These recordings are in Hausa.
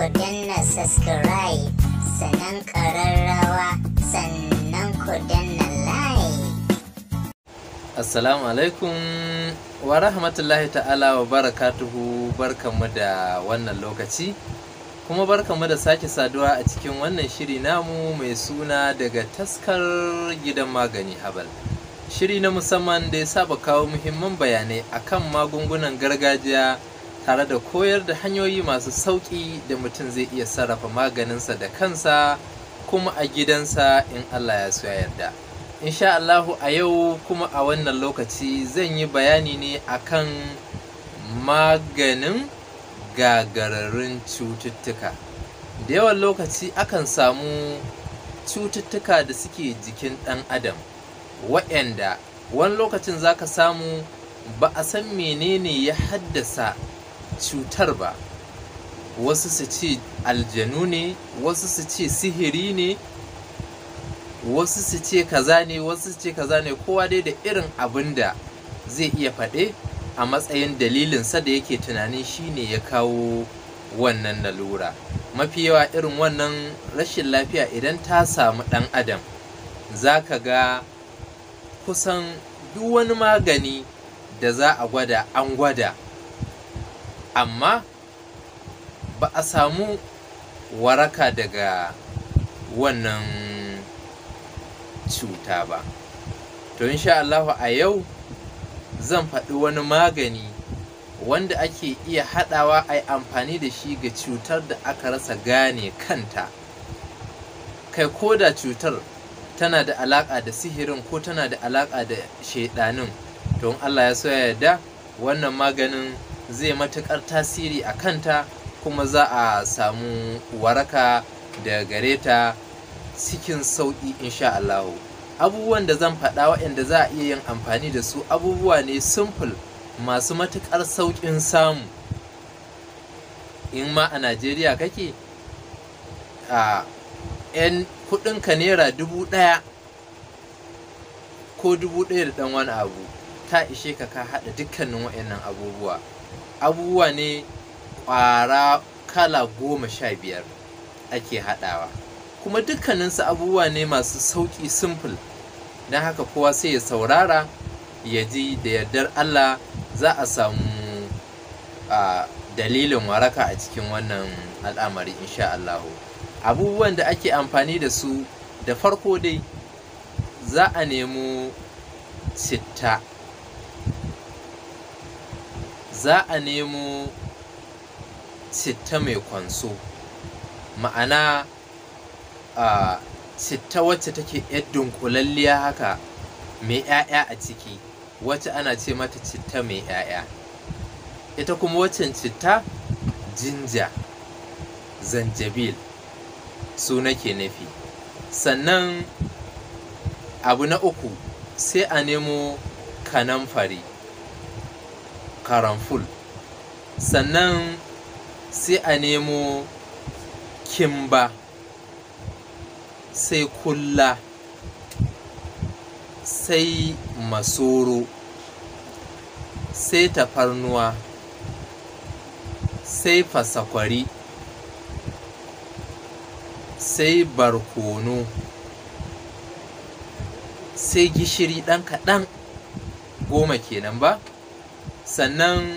ku na subscribe sannan ƙararrawa sannan ku danna like. Assalamu alaikum wa rahmatullahi ta'ala wa barakatuhu barkanmu da wannan lokaci kuma barkanmu da sake saduwa a cikin wannan shiri namu mai suna daga taskar gidan magani habal. Shiri na musamman da ya saba kawo muhimman bayanai akan magungunan gargajiya tare da koyar da hanyoyi masu sauƙi da mutum zai iya sarrafa maganinsa da kansa kuma a gidansa in Allah ya so ya yarda. Insha Allahu a yau kuma a wannan lokaci zan yi bayani ne akan maganin gagararin cututtuka. Da yawan lokaci akan samu cututtuka da suke jikin ɗan adam wayanda wani lokacin za ka samu ba a san menene ya haddasa cutar ba wasu su ce aljanu ne wasu su ce sihiri ne wasu su ce kaza ne wasu su ce kaza ne kowa dai da irin abin da zai iya faɗe a matsayin dalilinsa da yake tunanin shine ya kawo wannan lalura mafi yawa irin wannan rashin lafiya idan ta samu ɗan adam za ka ga kusan duk wani magani da za a gwada an gwada amma ba a samu waraka daga wannan cuta ba to insha Allah a yau zan faɗi wani magani wanda ake iya haɗawa a yi amfani da shi ga cutar da aka rasa gane kanta kai ko da cutar tana da alaƙa da sihirin ko tana da alaƙa da shaiɗanin don Allah ya so ya yarda wannan maganin zai matuƙar tasiri a kanta kuma za a samu waraka da gareta ta cikin sauƙi insha Allah abubuwan da zan faɗa waɗanda za a iya yin amfani da su abubuwa ne simple masu matuƙar sauƙin samu in ma a Najeriya kake a 'yan kuɗinka naira dubu ɗaya ko dubu ɗaya da ɗan wani abu ta ishe ka ka haɗa dukkanin waɗannan abubuwa abubuwa ne ƙwara kala goma sha biyar ake haɗawa kuma dukkaninsu abubuwa ne masu sauƙi simple don haka kowa sai ya saurara ya ji da yardar Allah za a samu dalilin waraka a cikin wannan al'amari insha Allah abubuwan da ake amfani da su da farko dai za a nemo citta za a nemo citta mai kwanso ma'ana a citta wacce take yar dunkulalliya haka mai 'ya'ya a ciki wacce ana ce mata citta mai 'ya'ya ita kuma waccan citta jinja zanjabil su nake nufi sannan abu na uku sai a nemo kanamfari karanful sannan sai a nemo kimba sai kulla sai masoro sai tafarnuwa sai fasakwari sai barkono sai gishiri ɗan kaɗan goma kenan ba sannan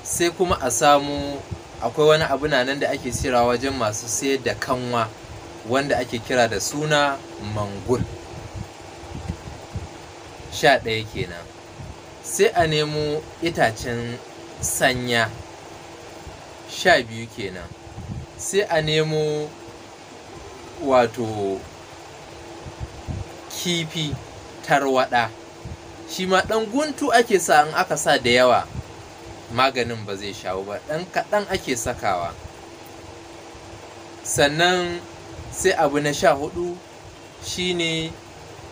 sai kuma a samu akwai wani abu na nan da ake cira wajen masu sayar da kanwa wanda ake kira da suna mangur sha ɗaya kenan sai a nemo itacen sanya sha biyu kenan sai a nemo wato kifi tarwaɗa shi ma ɗan guntu ake sa in aka sa da yawa maganin ba zai shawo ba ɗan kaɗan ake sakawa sannan sai abu na sha hudu shi ne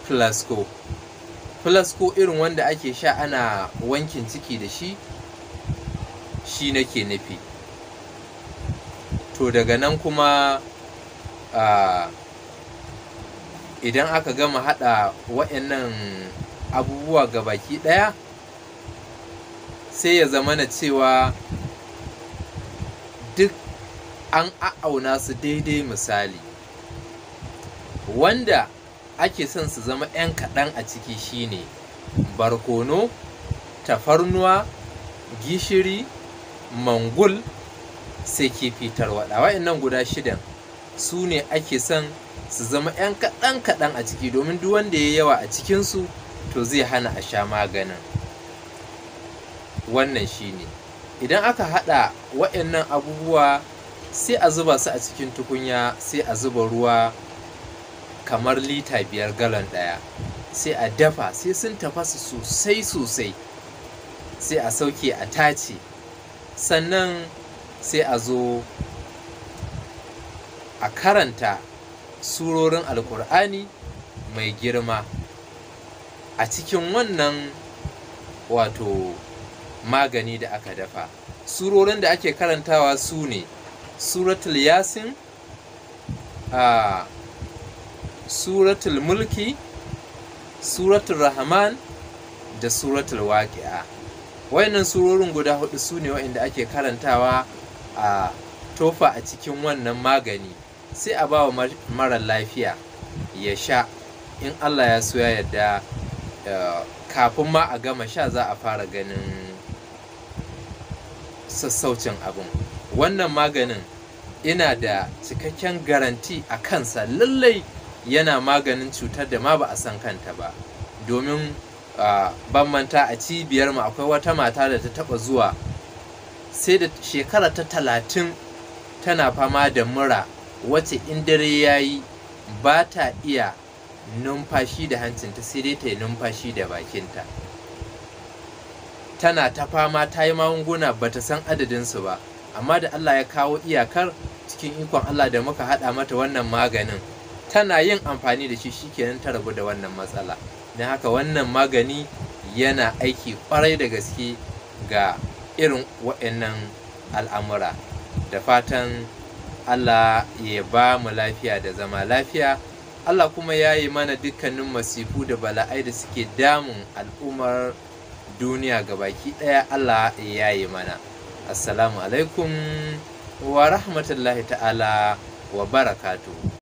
flasco flasco irin wanda ake sha ana wankin ciki da shi shi nake nufi to daga nan kuma ah, idan aka gama haɗa waɗannan abubuwa ga baki ɗaya sai ya zama na cewa duk an a'auna su daidai misali wanda ake son su zama 'yan kaɗan a ciki shine barkono tafarnuwa gishiri mangul sai kifi tarwaɗa wa'annan guda shidan su ne ake son su zama 'yan kaɗan kaɗan a ciki domin duk wanda ya yawa a cikinsu to zai hana a sha maganin wannan shine idan aka haɗa waɗannan abubuwa sai a zuba su a cikin tukunya sai a zuba ruwa kamar lita biyar galon ɗaya sai a dafa sai sun tafasa sosai sosai sai a sauke a tace sannan sai a zo a karanta surorin alkur'ani mai girma a cikin wannan wato magani da aka dafa surorin da ake karantawa su ne suratul yasin suratul mulki suratul rahman da suratul waƙi'a wayannan surorin guda hudu su ne wa'inda ake karantawa a tofa a cikin wannan magani sai a ba wa mara lafiya ya sha in allah ya so ya yarda kafin ma a gama sha za a fara ganin sassaucin abin wannan maganin ina da cikakken garanti a kansa lallai yana maganin cutar da ma ba a san kanta ba domin ban manta a cibiyarmu akwai wata mata da ta taɓa zuwa sai da shekara ta talatin tana fama da mura wacce in dare ya yi ba ta iya numfashi da hancinta sai dai ta yi numfashi da bakinta tana ta fama ta yi magunguna ba ta san adadinsu ba amma da allah ya kawo iyakar cikin ikon allah da muka haɗa mata wannan maganin tana yin amfani da shi shikenan ta rabu da wannan matsala don haka wannan magani yana aiki kwarai da gaske ga irin wa'annan al'amura da fatan allah ya ba mu lafiya da zama lafiya Allah kuma ya yi mana dukkanin masifu da bala'ai da suke damun al'ummar duniya ga baki ɗaya Allah ya yi mana. Assalamu alaikum wa rahmatullahi ta'ala wa barakatuhu.